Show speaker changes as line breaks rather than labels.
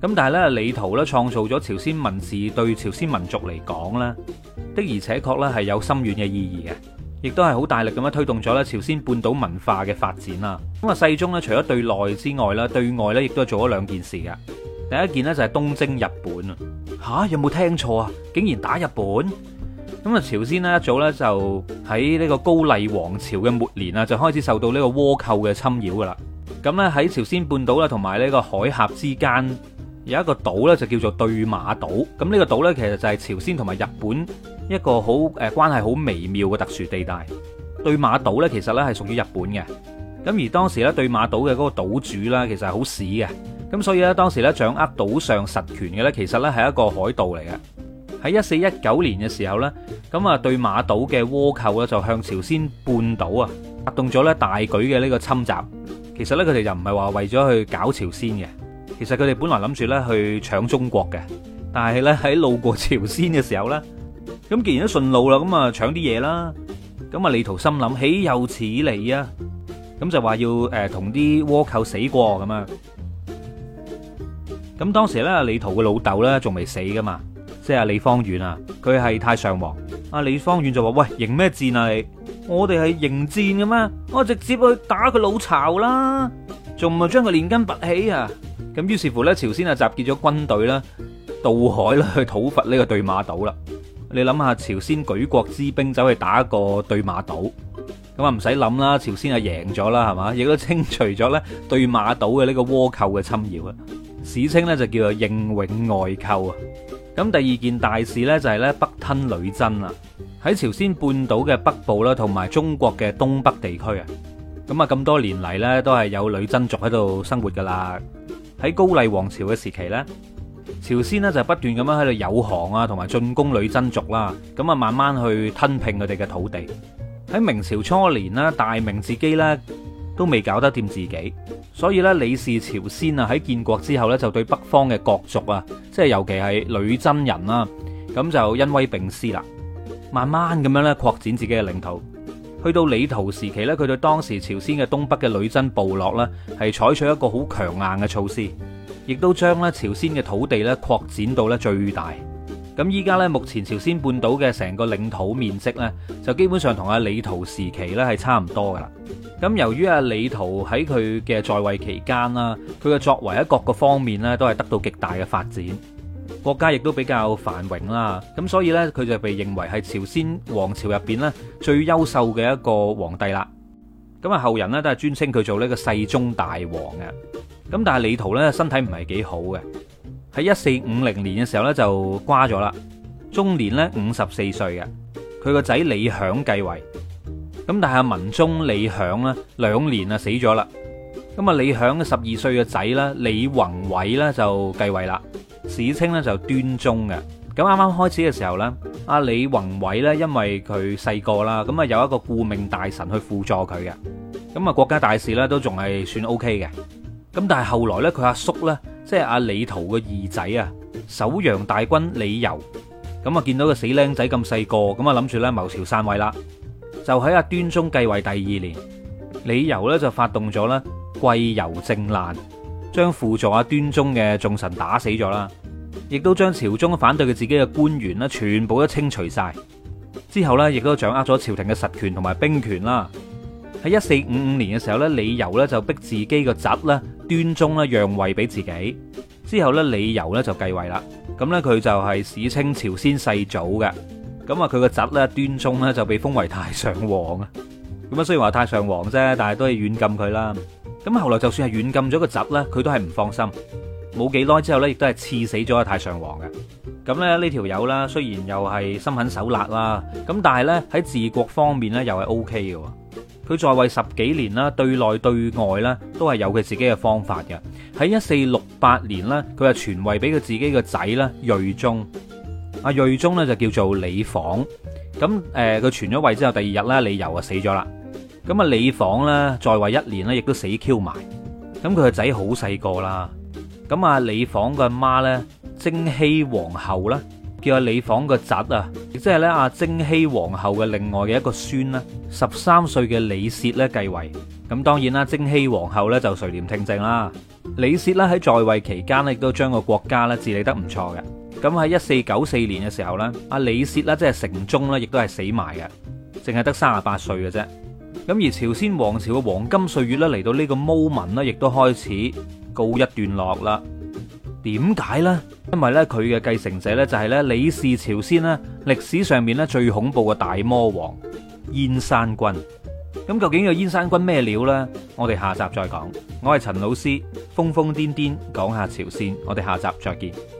咁但係咧李朝咧創造咗朝鮮文字，對朝鮮民族嚟講咧的而且確咧係有深遠嘅意義嘅，亦都係好大力咁樣推動咗咧朝鮮半島文化嘅發展啦。咁啊，世宗咧除咗對內之外咧，對外咧亦都做咗兩件事㗎。第一件呢就係東征日本，吓、啊、有冇聽錯啊？竟然打日本？咁啊，朝鮮呢一早咧就喺呢個高麗王朝嘅末年啊，就開始受到呢個倭寇嘅侵擾噶啦。咁咧喺朝鮮半島啦，同埋呢個海峽之間有一個島咧，就叫做對馬島。咁呢個島咧，其實就係朝鮮同埋日本一個好誒關係好微妙嘅特殊地帶。對馬島咧，其實咧係屬於日本嘅。咁而當時咧，對馬島嘅嗰個島主咧，其實係好屎嘅。咁所以咧，當時咧掌握島上實權嘅咧，其實咧係一個海盜嚟嘅。喺一四一九年嘅時候咧，咁啊對馬島嘅倭寇咧就向朝鮮半島啊發動咗咧大舉嘅呢個侵襲。其實咧，佢哋又唔係話為咗去搞朝鮮嘅，其實佢哋本來諗住咧去搶中國嘅，但係咧喺路過朝鮮嘅時候咧，咁既然都順路啦，咁啊搶啲嘢啦，咁啊李屠心諗，豈有此理啊，咁就話要誒同啲倭寇死過咁樣，咁當時咧李屠嘅老豆咧仲未死噶嘛，即係李芳遠啊，佢係太上皇，阿李芳遠就話喂，迎咩戰啊？你我哋係迎戰㗎咩？我直接去打佢老巢啦，仲唔係將佢連根拔起啊？咁於是乎呢，朝鮮啊集結咗軍隊啦，渡海啦去討伐呢個對馬島啦。你諗下，朝鮮舉國之兵走去打一個對馬島，咁啊唔使諗啦，朝鮮啊贏咗啦，係嘛？亦都清除咗呢對馬島嘅呢個倭寇嘅侵擾啦，史稱呢就叫做應永外寇啊。咁第二件大事呢，就係呢北吞女真啦。喺朝鮮半島嘅北部啦，同埋中國嘅東北地區啊，咁啊，咁多年嚟咧都係有女真族喺度生活噶啦。喺高麗王朝嘅時期咧，朝鮮咧就不斷咁樣喺度誘降啊，同埋進攻女真族啦，咁啊，慢慢去吞併佢哋嘅土地。喺明朝初年啦，大明自己咧都未搞得掂自己，所以咧，李氏朝鮮啊，喺建國之後咧，就對北方嘅國族啊，即係尤其係女真人啦，咁就恩威並施啦。慢慢咁樣咧，擴展自己嘅領土。去到李祹時期咧，佢對當時朝鮮嘅東北嘅女真部落呢係採取一個好強硬嘅措施，亦都將咧朝鮮嘅土地咧擴展到咧最大。咁依家呢，目前朝鮮半島嘅成個領土面積呢就基本上同阿李祹時期呢係差唔多噶啦。咁由於阿李祹喺佢嘅在位期間啦，佢嘅作為喺各個方面呢都係得到極大嘅發展。國家亦都比較繁榮啦，咁所以呢，佢就被認為係朝鮮王朝入面呢最優秀嘅一個皇帝啦。咁啊，後人呢，都係尊稱佢做呢個世宗大王嘅。咁但係李圖呢，身體唔係幾好嘅，喺一四五零年嘅時候呢，就瓜咗啦。終年呢，五十四歲嘅，佢個仔李享繼位。咁但係文宗李享呢，兩年啊死咗啦。咁啊，李享十二歲嘅仔呢，李弘暐呢，就繼位啦。史稱咧就端宗嘅，咁啱啱開始嘅時候咧，阿李弘暐咧因為佢細個啦，咁啊有一個顧命大臣去輔助佢嘅，咁啊國家大事咧都仲係算 O K 嘅，咁但係後來咧佢阿叔咧，即係阿李祹嘅二仔啊，首陽大君李瑈，咁啊見到個死僆仔咁細個，咁啊諗住咧謀朝篡位啦，就喺阿端宗繼位第二年，李瑈咧就發動咗咧癸酉靖難，將輔助阿端宗嘅眾臣打死咗啦。亦都將朝中反對佢自己嘅官員啦，全部都清除晒。之後呢，亦都掌握咗朝廷嘅實權同埋兵權啦。喺一四五五年嘅時候呢，李由呢就逼自己個侄呢端，端宗呢讓位俾自己。之後呢，李由呢就繼位啦。咁呢，佢就係史稱朝鮮世祖嘅。咁啊，佢個侄呢端，端宗呢就被封為太上皇啊。咁啊，雖然話太上皇啫，但係都係軟禁佢啦。咁後來就算係軟禁咗個侄呢，佢都係唔放心。冇幾耐之後咧，亦都係刺死咗太上皇嘅。咁咧，呢條友啦，雖然又係心狠手辣啦，咁但係咧，喺治國方面咧又係 O K 嘅。佢在位十幾年啦，對內對外咧都係有佢自己嘅方法嘅。喺一四六八年呢，佢係傳位俾佢自己個仔啦，睿宗。阿睿宗咧就叫做李房。咁誒，佢傳咗位之後，第二日咧，李由啊死咗啦。咁啊，李房咧在位一年咧，亦都死 Q 埋。咁佢個仔好細個啦。咁啊，李房個阿媽呢，貞熙皇后啦，叫阿李房個侄啊，亦即係呢阿貞熙皇后嘅另外嘅一個孫啦。十三歲嘅李涉呢，繼位。咁當然啦，貞熙皇后呢，就垂簾聽政啦。李涉呢，喺在位期間咧，亦都將個國家呢治理得唔錯嘅。咁喺一四九四年嘅時候呢，阿李涉呢，即係成宗呢，亦都係死埋嘅，淨係得三十八歲嘅啫。咁而朝鮮王朝嘅黃金歲月呢，嚟到呢個 moment 呢，亦都開始。告一段落啦，點解呢？因為呢，佢嘅繼承者呢，就係呢李氏朝鮮呢歷史上面呢，最恐怖嘅大魔王燕山君。咁究竟個燕山君咩料呢？我哋下集再講。我係陳老師，瘋瘋癲癲癲，講下朝鮮，我哋下集再見。